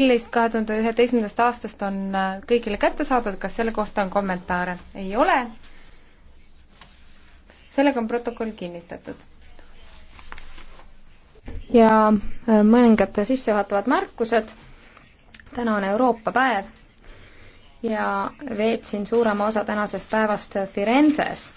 millist kahe tuhande üheteistkümnendast aastast on äh, kõigile kättesaadav, kas selle kohta on kommentaare? ei ole. sellega on protokoll kinnitatud. ja äh, mõningad sissejuhatavad märkused. täna on Euroopa päev ja veetsin suurema osa tänasest päevast Firenzes